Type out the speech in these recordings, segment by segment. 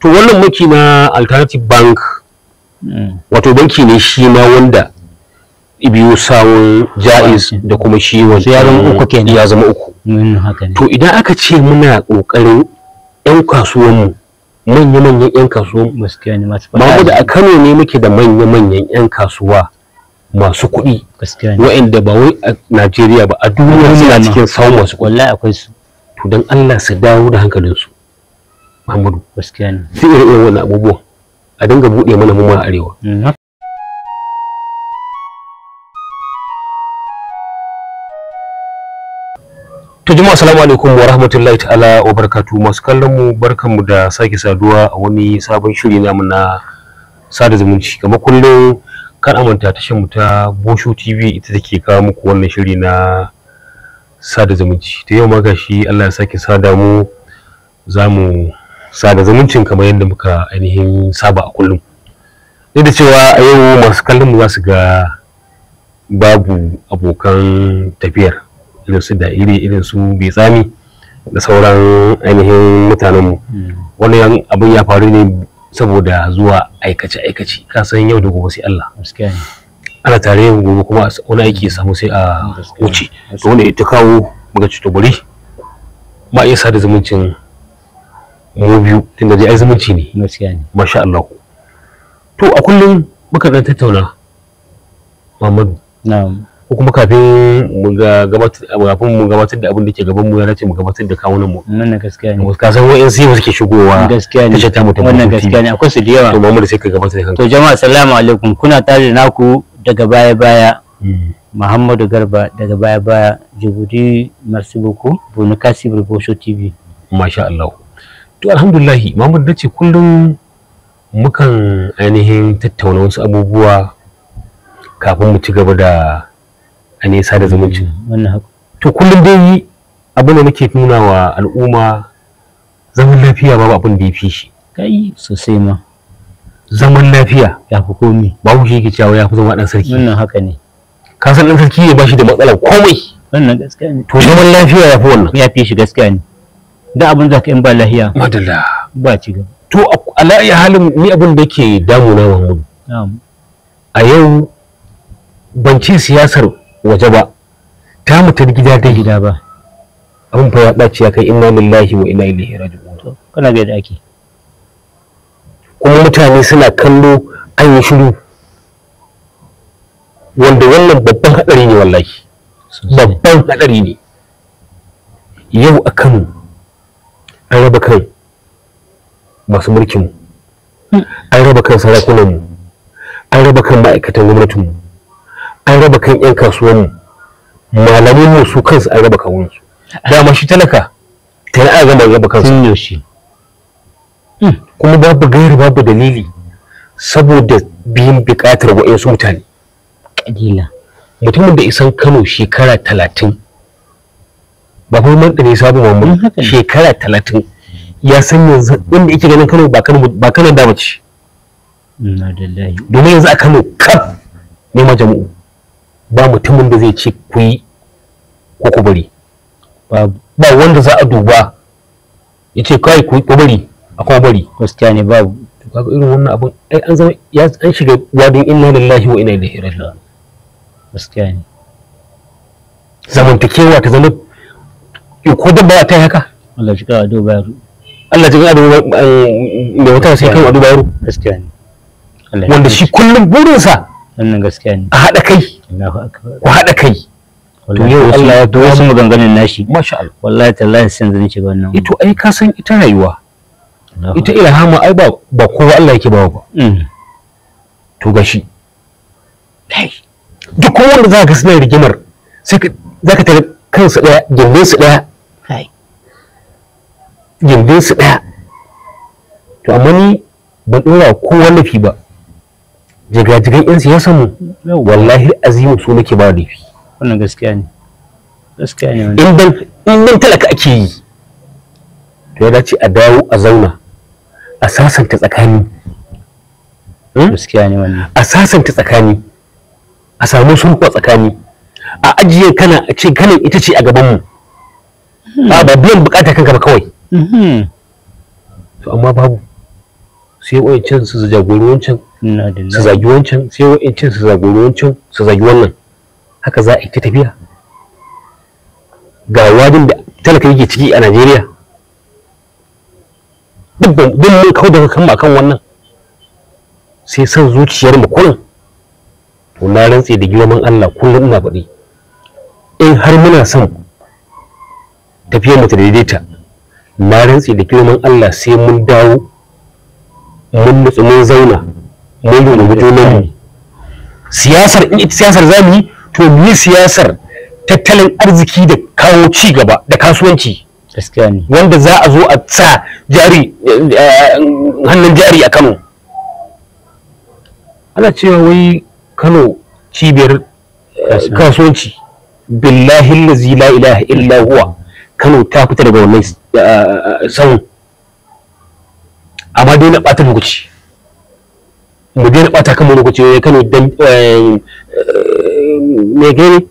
to wannan maki na alternative bank hmm. wato banki ne shi ma wanda biyu sawun ja'iz da kuma shi wanda ya zama uku kenan ya zama uku hmm, to idan aka ce muna kokarin yan kasuwanmu manya-manyan yan kasuwa mamu da a kano ne muke da manya-manyan yan kasuwa masu kuɗi wa'anda ba wai a najeriya ba a duniya suna cikin sawun masu akwai su, to don allah su dawo da hankalinsu Muhammadu gaskiya ne sai irin wannan abubuwa a dinga buɗe mana mu ma arewa mm-hmm. To jama'a assalamu alaikum wa rahmatullahi ta'ala wa barakatuh masu kallon mu barkanmu da sake saduwa a wani sabon shiri namu na sada zumunci kamar kullum kan amanta tashar mu ta Bosho TV ita take kawo muku wannan shiri na sada zumunci Ta yau ma gashi Allah ya sake sada mu za mu sada zumuncin kamar yadda muka ainihin saba a kullum duk da cewa a yau masu kallon mu za su ga babu abokan tafiyar irin su da'iri irin su bitsami da sauran ainihin mutanen mu. wannan abin ya faru ne saboda zuwa aikace-aikace ka san yau da gobe sai Allah ana tare yau gobe kuma wani aiki ya samu sai a wuce to wanda ita kawo muka ci to ma iya sada zumuncin mu biyu tunda dai ai zumunci ne gaskiya ne masha Allah to a kullum muka ga tattauna Muhammadu na'am ko kuma kafin mu gabatar kafin mu gabatar da abin da ke gaban mu ya nace mu gabatar da kawunan mu wannan gaskiya ne ka san wayan sai suke shigowa gaskiya ne ta wannan gaskiya ne akwai su da yawa to Muhammadu sai ka gabatar da kanka to jama'a assalamu alaikum kuna tare da naku daga baya baya hmm. Muhammadu Garba daga baya baya Jibuti Marsibuku Bunukasi Burgosho TV Masha Allah to alhamdulillahi Muhammad dace kullum mukan ainihin tattauna wasu abubuwa kafin mu ci gaba da ainihin sada zumunci mm, wannan haka to kullum dai abin da nake nuna wa al'umma zaman lafiya babu abin da ya shi kai sosai ma zaman lafiya ya fi komai, babu shi yake cewa ya fi zama dan sarki wannan haka ne ka san dan sarki ne ba shi da matsalar komai wannan gaskiya ne to zaman lafiya ya fi wannan ya fi shi gaskiya ne da abin za ka in ba lahiya madalla ba ci gaba to a ya halin ni abin da ke damu na mamu a yau ban ci siyasar waje ba ta mutu gida da gida ba abin fa ya dace ya kai inna lillahi wa inna ilaihi raji'un kana ga da ake kuma mutane suna kallo an yi shiru wanda wannan babban hadari ne wallahi babban hadari ne yau a Kano an raba kai masu mulkin an raba kan sarakunanmu, mu an raba kan ma'aikatan gwamnatin mu an raba kan yan kasuwanmu, mu malamin su kansu an raba kawunsu. dama shi talaka ta an gama raba kansu hmm. kuma babu gairi babu dalili saboda biyan bukatar wa'insu mutane mutumin da isan kano shekara talatin ba kuma man tsare sabu mamu shekara talatin ya san yanzu wanda yake ganin kano ba kanan ba da mace domin yanzu a kano kaf ne majamu. ba mutumin da zai ce ku yi ko ku bari ba wanda za a duba ya ce kai ku bari a kuma bari gaskiya ne babu kaga irin wannan abun ai an zama ya an shiga wadin inna lillahi wa inna ilaihi raji'un gaskiya ne zamantakewa ta zama yo ko dabba ta yi haka Allah shi ka ado bayaro Allah ji ado da eh, wata sai kan ado bayaro gaskiya ne wanda shi kullum burinsa wannan gaskiya ne a haɗa kai ku haɗa kai to yau Allah ya dawo su maganganun nashi masha Allah wallahi tallahi sai zan ba wannan ito ai ka san ita rayuwa ita ilhama ai ba ba kowa Allah yake bawa ba mm. to gashi duk wanda zaka ka suna rigimar sai ka za tare kansu daya gindin su daya gindin su ɗaya to amma ni ban ɗora kowa nufi ba jigajigan yan siyasa mu wallahi azimu su nake ba nufi wannan gaskiya ne gaskiya ne in dan in dan talaka ake yi to ya dace a dawo a zauna a sasanta tsakani hmm? gaskiya ne wannan a sasanta tsakani a samu sulhu tsakani a ajiye kana a ce kana ita ce a gaban mu ba ba biyan bukatar kanka ba kawai mm-hmm. to amma babu sai wa'ancan su jagori wancan su zagi wancan sai wa'ancan su jagori wancan su zagi wannan haka za a yi tafiya ga wadin da talaka yake ciki a Najeriya duk mun kawo daga kan kan wannan sai san zuciyar mu kullum to na rantse da girman Allah kullum ina faɗi in har muna son tafiyar mu ta daidaita na rantsi da girman Allah sai mun dawo mun nutsu mun zauna mun rungumi mu. siyasar in ita siyasar zamu yi to mu yi siyasar tattalin arziki da kawo ci gaba da kasuwanci wanda za a zo a sa jari eh, eh, hannun jari a Kano ana cewa wai Kano cibiyar eh, kasuwanci billahi allazi la ilaha illa huwa kano ta fita daga wannan eh, eh, sahun amma dai na ɓata lokaci mu dai na ɓata kan lokaci ne eh, kano dan me gani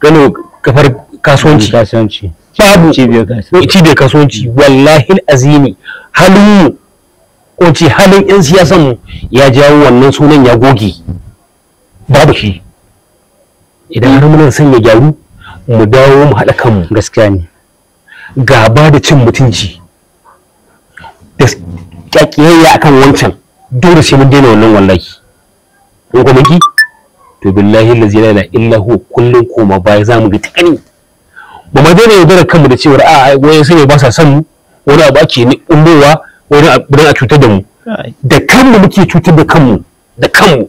kano kafar kasuwanci kasuwanci babu cibiyar kasuwanci wallahi azimi halin mu ko ce halin yan siyasan mu ya jawo wannan sunan ya goge babu shi idan har muna son ya gyaru mu dawo mu haɗa kanmu gaskiya ne gaba da cin mutunci da kyakiyayya akan wancan dole sai mun daina wannan wallahi in kuma ki to billahi allazi la ilaha illa huwa kullun kuma baya za mu ga takani ba ma daina yaudara kanmu da cewa a wai sai ba sa san mu wani abu ake ni umbowa wani abu a cutar da mu da kanmu muke cutar da kanmu da kanmu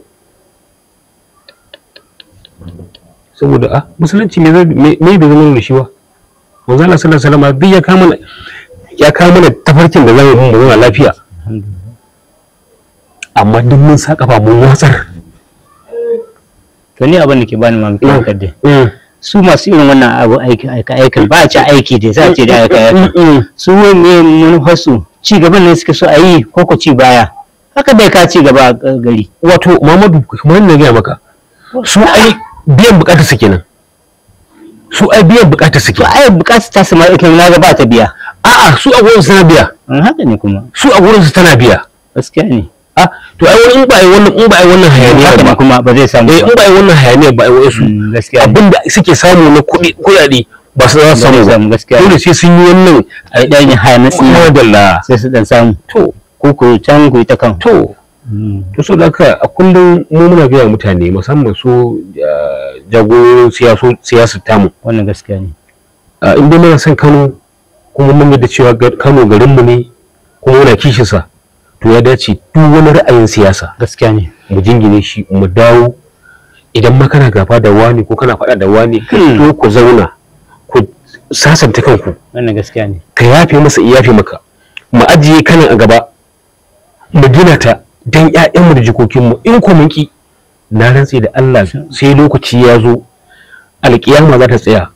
saboda a ah, musulunci me bai me da shi ba manzo Allah sallallahu duk ya kama ya kama da tafarkin da zamu mu zauna lafiya amma duk mun sa kafa mun watsar to ni abin da ke bani mamaki kadai su masu irin wannan abu aiki aika aika ba a ci aiki da za a ce da aika aika mm, mm, mm. su ne manufarsu ci gaban ne suke so a yi ko ku ci baya haka dai ka ci gaba eh, gari wato mamadu kamar na gaya maka su ai biyan bukatar su kenan su ai biyan bukatar su ke ai bukatar ta sama ita na ga ba ta biya a'a su a gurin su biya haka ne kuma su a gurin su tana biya gaskiya ne a to ai wani in ba ai wannan in ba ai wannan hayaniya ba kuma ba zai samu eh, in ba ai wannan hayaniya ba ai su mm, gaskiya abinda suke samu na kuɗi kuɗaɗe ba su za su samu gaskiya dole sai sun yi wannan ai dan hayaniya kuma dalla sai su dan samu to ko ko can ku ta kan to to so haka a kullum mu muna gaya mutane musamman su eh, jagoyoyin siyasar tamu wannan gaskiya ne in dai muna son kano kuma mun yadda cewa kano garinmu ne kuma muna kishinsa to ya dace duk wani ra'ayin siyasa gaskiya ne mu jingine shi mu dawo idan ma kana gaba da wani ko kana faɗa da wani hmm. to ku zauna ku sasanta kanku wannan gaskiya ne ka yafe masa iyafe maka mu ajiye kanin a gaba mu gina ta dan ƴaƴanmu da jikokinmu in ku mun ki na rantse da Allah sai lokaci ya zo alƙiyama za ta tsaya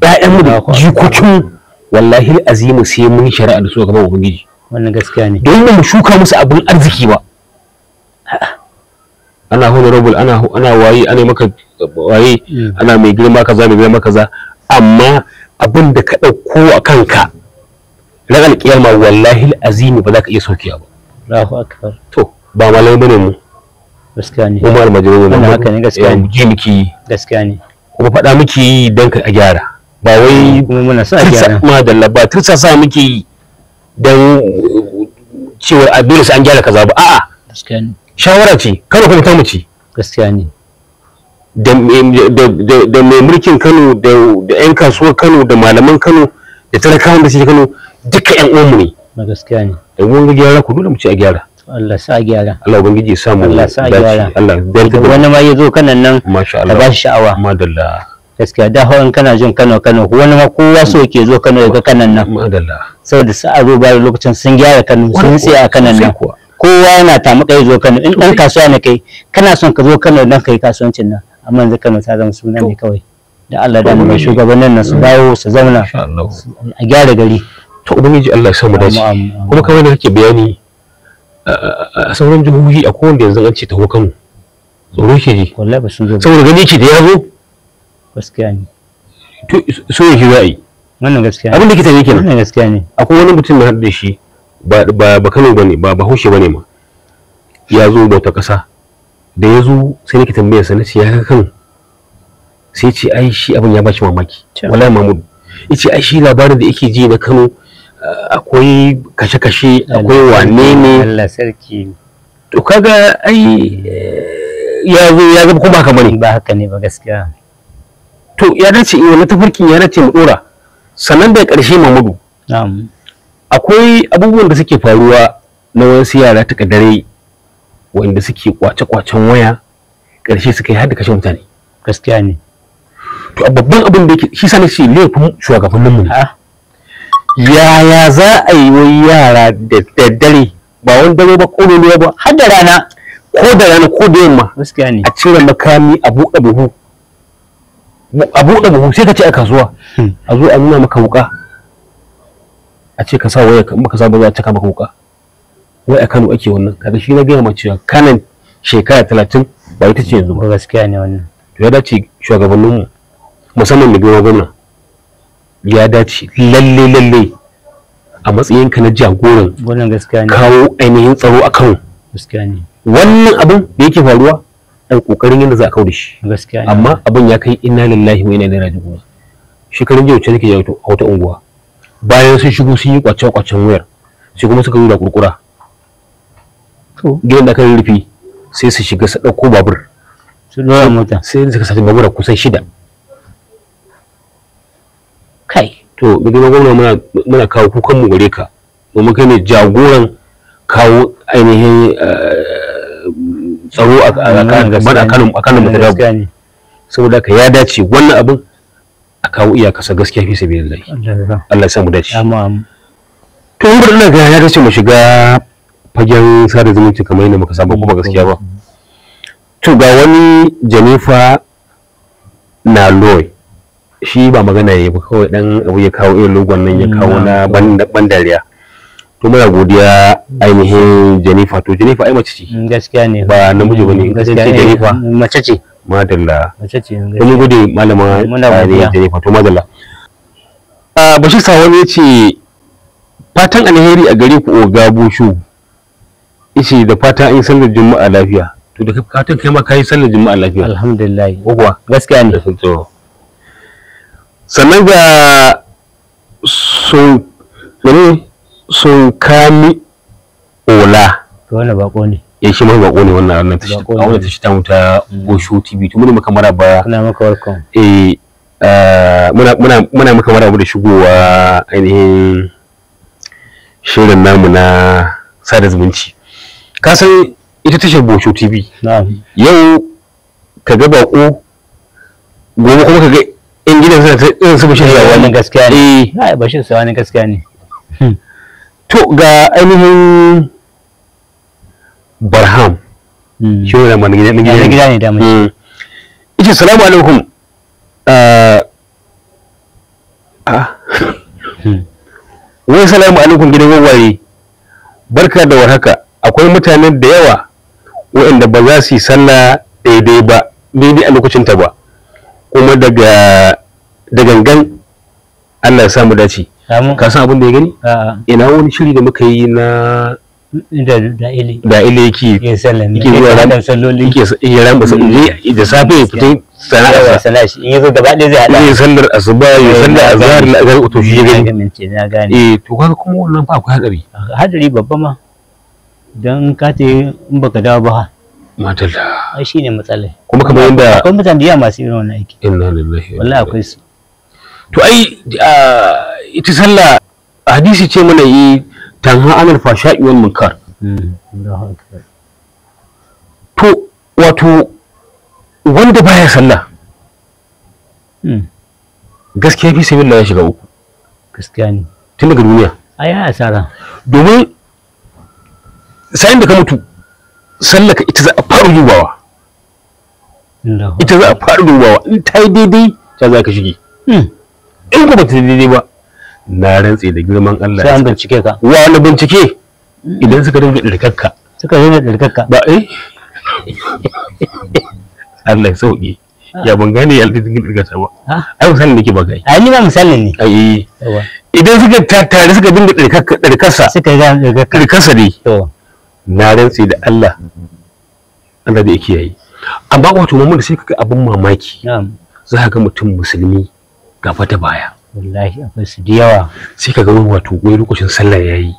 ƴaƴanmu da jikokin wallahi azimu sai mun shari'a da su gaban ubangiji wannan gaskiya ne don mu shuka musu abin arziki ba ana honorable ana ana waye ana maka waye hmm. ana mai girma kaza mai girma kaza amma abin da ka dauko a kanka na alƙiyama wallahi azimu ba za ka iya saukiya ba Allahu akbar to ba malai bane mu gaskiya ne kuma almajirai ne wannan haka ne gaskiya ne ji miki gaskiya ne kuma faɗa miki dan ka gyara ba wai kuma muna sa gyara ma da labba tursa sa miki dan cewa a dole sai an gyara kaza ba a'a gaskiya ne shawara ce kano kuma ta mu ce gaskiya ne da mai mulkin kano da 'yan kasuwar kano da malaman kano da talakawan da suke kano duka 'yan uwanmu ne gaskiya ne in wani gyara ku dole mu ce a gyara Allah sa gyara Allah ubangiji ya samu Allah sa gyara Allah dalta wani ma yazo kanan nan masha Allah ba shi sha'awa madalla gaskiya da hawan kana jin Kano Kano wani ma kowa so ke zo Kano ya ga kanan nan madalla saboda sa azo ba lokacin sun gyara Kano sun tsaya a kanan nan kowa yana tamu kai zo Kano in dan kasuwa ne kai kana son ka zo Kano dan kai kasuwancin nan amma yanzu Kano ta zama suna ne kawai da Allah da mai shugabannin nan su dawo su zauna a gyara gari to ubangiji Allah ya samu dace kuma kamar da kake bayani a sauran jihohi a kowanne yanzu an ce taho Kano tsoro ke ji wallahi ba su zo saboda gani ke da yazo gaskiya ne to so yake za a yi wannan gaskiya abin da ke tare kenan wannan gaskiya ne akwai wani mutum na haɗu da shi ba ba Kano bane ba Bahaushe bane ma ya zo bauta ƙasa da ya zo sai nake tambayar sa nace ya kan sai ce ai shi abin ya bashi mamaki wallahi Mahmud yace ai shi labarin da yake ji na Kano akwai kashe-kashe akwai wane ne Allah sarki to kaga ai eh, ya zo ya zama kuma haka bane ba haka ne ba gaskiya to ya dace eh wannan tafarkin ya dace mu dora sannan da karshe Mamudu na'am akwai abubuwan da suke faruwa na wasu yara ta kadare wanda suke kwace-kwacen waya karshe suka yi har da kashe mutane gaskiya ne to babban abin da yake shi sanin shi laifin shugabanninmu ne ah. yaya za a yi wa yara da daddare ba wani dare ba ko ne ba har da rana ko da rana ko da yamma gaskiya ne a cire makami a buɗe buhu a buɗe buhu sai ka ce a kasuwa hmm. a zo a nuna maka wuka a ce ka sa waya ka maka sa ba za cika maka wuka wai a Kano ake wannan kaga shi na ga mace Kanin kanan shekara talatin ba ita ce yanzu ba gaskiya ne wannan to ya dace shugabanninmu musamman da girma ya dace lalle lalle a matsayinka na jagoran kawo ainihin tsaro a kano wannan abin da yake faruwa ai kokarin yadda za a kawo da shi amma abin ya kai inna lillahi wa inna ilaihi raji'un shekarun jiya wacce nake a wata unguwa bayan sun shigo sun yi kwace kwacen wayar sai kuma suka zo da kurkura gidan da aka rufe sai su shiga su dauko babur sai suka sata babura kusan shida to da girma gwamna muna kawo kukan mu gare ka domin kai ne jagoran kawo ainihin eh, tsaro a kanin mutarabu saboda ka ya dace wannan abin a kawo kasa gaskiya fi sabi lallai Allah ya samu dace to yin birnin ga ya dace mu shiga fagen sada zumunci kamar yadda muka saba kuma gaskiya ba mm. to ga wani janefa na loy shi ba magana ya ba kawai dan abu ya kawo irin logon nan ya mm, kawo na ban dariya to muna godiya ainihin Jennifer to Jennifer ai mace ce mm, gaskiya ne ba namiji bane gaskiya ne mace ce madalla mace ce gaskiya mun gode malama Jennifer to madalla a ah, Bashir Sawani yace fatan alheri a gare ku Oga Bushu ishi da fata an sallar juma'a lafiya to da fatan kai ma kai sallar juma'a lafiya alhamdulillah gaskiya ne to sannan ga sun sun kami ola to wannan bako ne ya eh, shi mai bako ne wannan wannan tashi a ta wuta goshu tv to muna maka ba. muna maka welcome eh, eh muna muna muna maka mara da shigowa ainihin shirin namu na sada zumunci ka san ita tashar bosho tv yau ka ga bako gobe kuma ka ga in gidan irin su bashir da eh, wani gaskiya ne eh bashir sai wani gaskiya ne hmm. to ga ainihin barham hmm. shi ne man gidan gidan gidan ne da mai hmm. yace salamu alaikum ah. Ah. wai salamu alaikum gidan wawaye barka da warhaka akwai mutanen da yawa waɗanda ba za su yi sallah daidai ba daidai a lokacinta ba kuma daga da gangan Allah ya samu dace ka san abin da ya gani ina wani shiri da muka yi na da ile yake yake zuwa ran salloli yake yi mm. da safe ya fito sana'a sana'a shi in yazo gaba ɗaya zai ya sallar asuba ya eh, sallar azhar na azhar to shi ya gani eh to kaga kuma wannan fa akwai hadari hadari babba ma dan ka te in baka dawo ba madalla ai shine matsalar kuma kamar yanda akwai mutane da masu irin wannan aiki inna lillahi wallahi akwai su to ai ita sallah hadisi ce mana yi tanha anil fasha'i wal munkar hmm, to wato wanda baya sallah hmm. gaskiya fi sabilla ya shiga uku gaskiya ne tun daga duniya ai ya asara domin sayin da ka mutu sallaka ita za a fara dubawa ita za a fara dubawa in ta yi daidai ta za ka shige hmm. in ko ba ta daidai ba na rantse da girman Allah sai an bincike ka wani bincike hmm. idan suka dinga dirkakka suka dinga dirkakka ba eh Allah ya sauke ah. ya ban gane ya dinga dirkata ba ai misalin nake ba gai ai ni ma misali ne ai idan suka tattare suka dinga dirkakka dirkarsa suka ga dirkakka dirkarsa dai to na rantse da Allah Allah da yake yayi amma wato mun sai kaga abin mamaki za ka ga mutum musulmi ga fata baya wallahi akwai su da yawa sai kaga wato goyi lokacin sallah yayi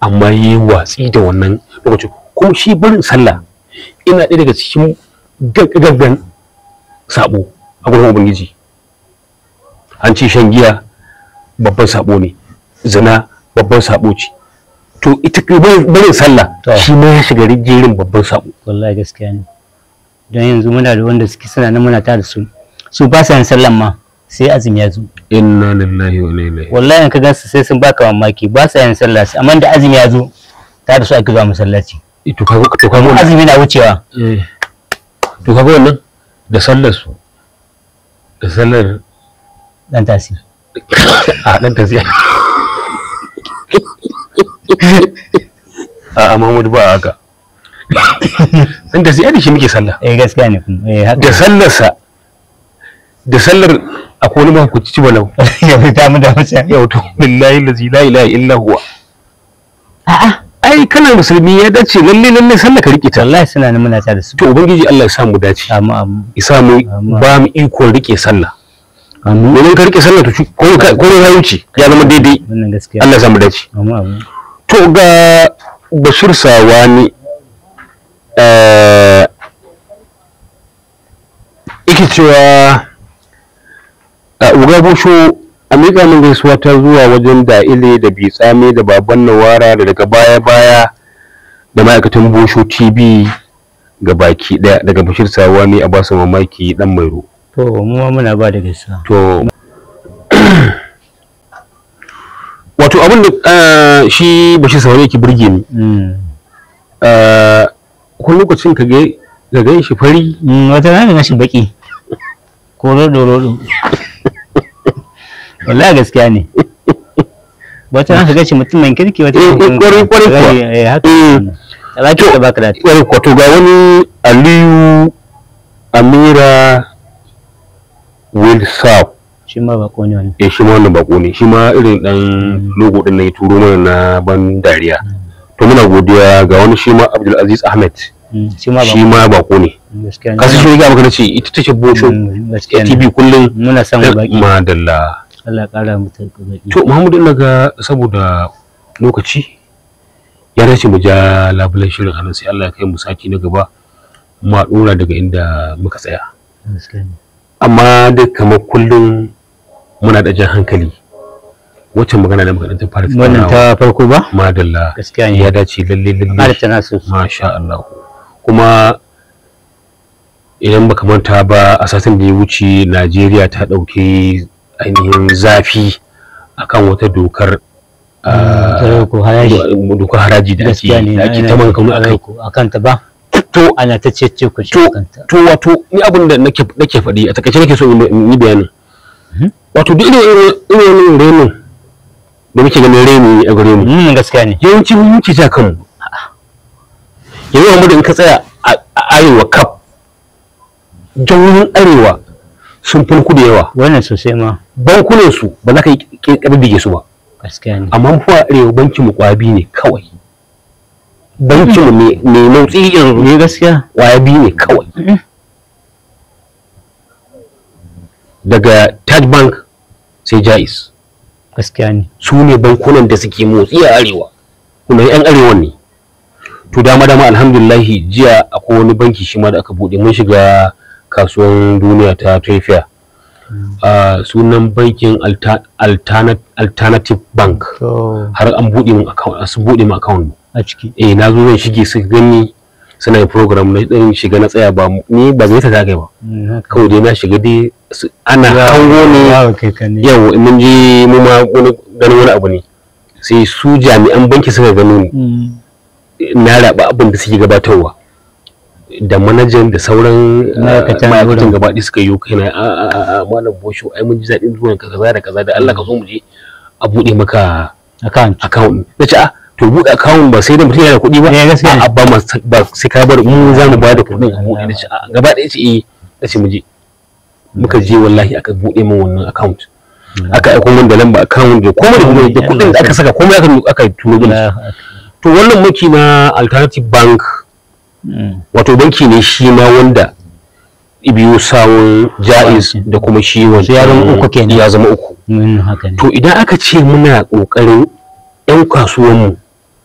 amma yi watsi da wannan lokacin kuma shi barin sallah ina ɗaya daga cikin gaggagan sabo a gurin ubangiji an ce shan giya babban sabo ne zina babban sabo ce to ita barin sallah shi ma ya shiga jerin babban sabo wallahi gaskiya ne don yanzu muna da wanda suke suna nan muna tare su su ba sa yin sallan ma sai azumi ya zo inna lillahi wa inna ilaihi wallahi in ka gansu sai sun baka mamaki ba sa yin sallah amma da azumi ya zo da su ake zuwa masallaci eh, to ka to ka azumi na wucewa eh. to ka wannan da sallar su da sallar dan tasiri a ah, dan tasiri a'a Mahmud ba haka inda zai da shi muke sallah eh gaskiya ne eh, da sa da sallar akwai wani mahukunci ci balau ya fi damu da mace ya to billahi lazi la ilaha illa huwa a'a ai kana musulmi ya dace lalle lalle sallah ka rike ta wallahi suna nan muna ta da su to ubangiji Allah ya sa mu dace amma amma ya sa mu ba mu iko rike sallah amma idan ka rike sallah to ko ko ya wuce ya zama daidai Allah ya sa mu dace amma amma to ga bashir sawani ike eh, cewa eh, uga bushu a miƙa min gaisuwa ta zuwa wajen da'ile da bitsame da baban nawara da daga baya-baya da ma'aikatan bushu tv ga baki ɗaya daga bashir sawani a basu mamaki dan mairo to mu muna ba da gaisuwa to wato abin da eh, shi bashi saurari yake burge ni hmm. eh, kun lokacin ka ga ga gan shi fari hmm, wata rana na shi baki ko rodo rodo wallahi gaskiya ne wata rana ka ga shi mutumin kirki wata kwari eh, kwari kwarai kuwa haka hmm. alaƙi da baka da ga wani aliyu amira wilsap shi ma bako ne wani eh shi ma wannan bako ne shi ma irin dan mm. logo din ne turo mana na ban dariya mm. to muna godiya ga wani shi ma Abdul Aziz Ahmed mm. shi ma bako ne kasu shi ga maka ce ita take bosho TV kullum muna san baki madalla Allah kara mu baki to Muhammadu ga saboda lokaci ya dace mu ja labulan shirin hannun sai Allah ya kai mu saki na gaba ma dora daga inda muka tsaya amma duk kamar kullum muna da jan hankali wacce magana da muka ta fara wannan ta farko ba madalla gaskiya ne ya dace lalle lalle ta nasu masha Allah kuma idan baka manta ba a satin da ya wuce Najeriya ta dauke ainihin zafi akan wata dokar ah, dokar haraji da ake da ake ta maganganu akai akan ta ba to ana ta ce ce ku to to wato ni abin da nake nake faɗi a takaice nake so in yi bayanin wato duk irin renin da muke ganin reni a gare mu hmm, gaskiya ne yawancin mu muke ja kanmu yanzu mu da in ka tsaya a arewa kaf jawoyin arewa sun fi da yawa wannan sosai ma bankunan su ba za ka yi kabbige su ba gaskiya ne amma mu fa arewa bankin mu kwabi ne kawai bankin mu mai motsi yanzu ne eh, gaskiya kwabi ne kawai mm. daga Taj Bank sai Jais. Gaskiya ne. Su ne bankunan da suke motsi a arewa. Kuma 'yan arewa ne. To dama dama alhamdulillahi jiya akwai wani banki shi ma da aka bude mun shiga kasuwan duniya ta a hmm. ah, sunan bankin alternative bank har an buɗe mun account a buɗe mun account a ciki eh na zan shige su gani suna yin program na ɗin shiga na tsaya ba ni ba zai ta ta ba eh, kawai dai na shiga dai ana hango ne yau mun ji mu ma wani ganin wani abu ne sai su jami'an banki suka gano ni mm. na raba abin da suke gabatarwa da manajan da sauran ah, ma'aikatan gaba ɗi suka yi kai na a a malam bosho ai mun ji daɗin zuwan kaza da kaza da Allah ka zo mu je a buɗe maka account account na ce a ah, to buɗe akawun ba sai da mutum yana kuɗi ba eh, a ba ma ba sai ka bar mu za mu bada kuɗin mu da shi a gaba ɗaya ce eh da shi mu muka je wallahi aka buɗe min wannan account hmm. aka aiko mun da lamba account da komai da kuɗin da kuɗin da aka saka komai aka aka tuno min to wannan muke na alternative bank hmm. wato banki ne shi ma wanda biyu sawun ja'iz da kuma shi wanda ya zama uku kenan ya zama uku hmm, to idan aka ce muna kokarin 'yan kasuwanmu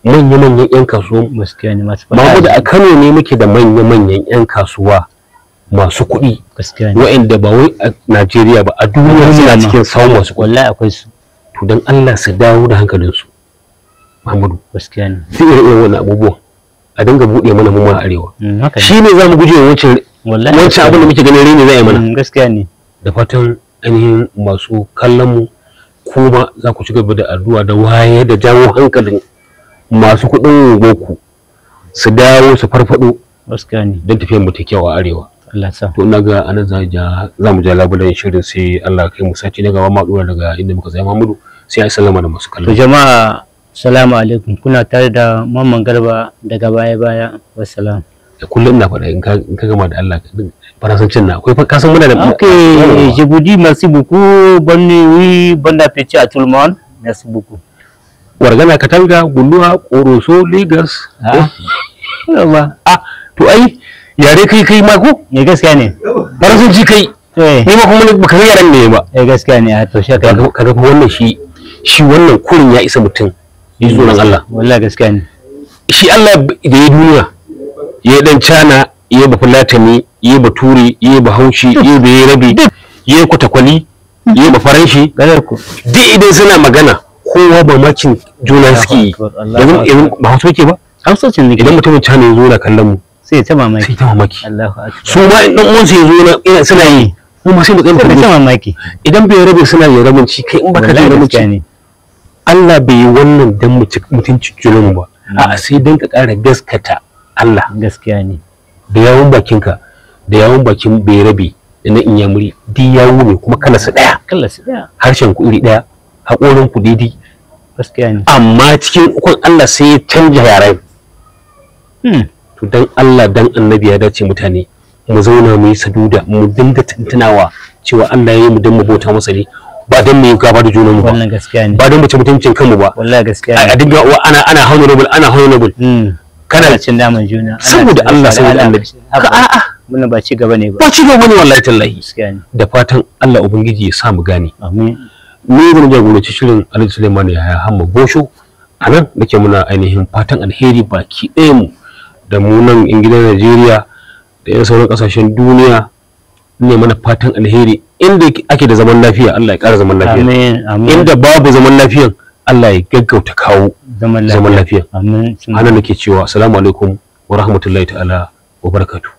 manya-manyan 'yan kasuwa mamu da a kano ne muke da manya-manyan 'yan kasuwa masu kuɗi wa'anda ba wai a najeriya ba a duniya suna cikin sau masu kwallaye akwai su to don allah su dawo da hankalinsu mahmudu gaskiya ne sai irin wani abubuwa a dinga buɗe mana mu arewa shi mm, ne za mu guje wancan wancan abin da muke ganin rini za a yi mana mm, gaskiya ne da fatan ainihin masu kallon mu kuma za ku ci gaba da addu'a da waye da jawo hankalin masu kuɗin goku su dawo su farfado gaskiya ne don tafiyar mu ta kyau a arewa Allah sa to ina ga anan za za mu ja labulan shirin sai Allah kai mu sace na gaba ma dora daga inda muka tsaya Mahmudu sai ai sallama da masu kallon jama'a assalamu alaikum kuna tare da Mamman Garba daga baya baya wassalam da kullum na faɗa in ka gama da Allah faransancin na akwai ka san muna da ok je vous merci beaucoup bonne nuit bonne appétit à tout le monde merci beaucoup wargana katanga gulluwa koroso lagos ah. eh? a ah, to ai yare kai kai ma ko ne eh, gaskiya ne faransanci kai eh. ni ma kuma ba kai yaran ne ba eh gaskiya ne a ah, to shi ka ga wannan shi shi wannan kurin ya isa mutum yi tsoron Allah wallahi gaskiya ne shi Allah da ya duniya ya dan cana ya ba fulatani ya ba turi ya ba haushi ya ba rabi ya kwatakwali ya ba faranshi duk idan suna magana kowa ba macin juna suke yanzu yanzu ba hausa ke ba hausa ne idan mutumin cana ya zo na kallon mu sai ya ta mamaki sai ta mamaki su ma in dan uwansa ya ina, suna yi mu ma sai mu ta mamaki idan bai rabe suna yi ci kai in baka da rabanci Allah bai yi wannan dan mutunci junan ba mm. a sai dan ka ƙara gaskata Allah gaskiya ne da yawun bakinka da yawun bakin bai rabe da na inyamuri duk yawu ne kuma kalarsa daya kalarsa ɗaya harshen kuri daya ɗaya haƙorin ku daidai gaskiya ne amma cikin ukun Allah sai ya canja yaren hmm. to dan Allah dan annabi ya dace mutane mu zauna mu yi saduda mu dinga tantanawa cewa Allah ya yi mu dan mu bauta masa ne ba dan mu yi gaba da junanmu ba wannan gaskiya ne ba dan mu ci mutuncin kanmu ba wallahi gaskiya ne a dinga ana ana honorable ana honorable hmm. kana cin naman juna saboda Allah sai annabi ka a'a muna ba ci gaba ne ba ba ci gaba ne wallahi tallahi Gaskiya ne. da fatan Allah ubangiji ya sa mu gane amin ni zan jagoranci shirin Ali Suleiman Yahaya Hamma Bosho a nan nake muna ainihin fatan alheri baki ɗaya mu da mu nan in gidan Najeriya da yan sauran kasashen duniya ne mana fatan alheri inda ake da zaman lafiya Allah ya ƙara zaman lafiya inda babu zaman lafiya Allah ya gaggauta kawo zaman lafiya amin anan nake cewa assalamu alaikum wa rahmatullahi ta'ala wa barakatuh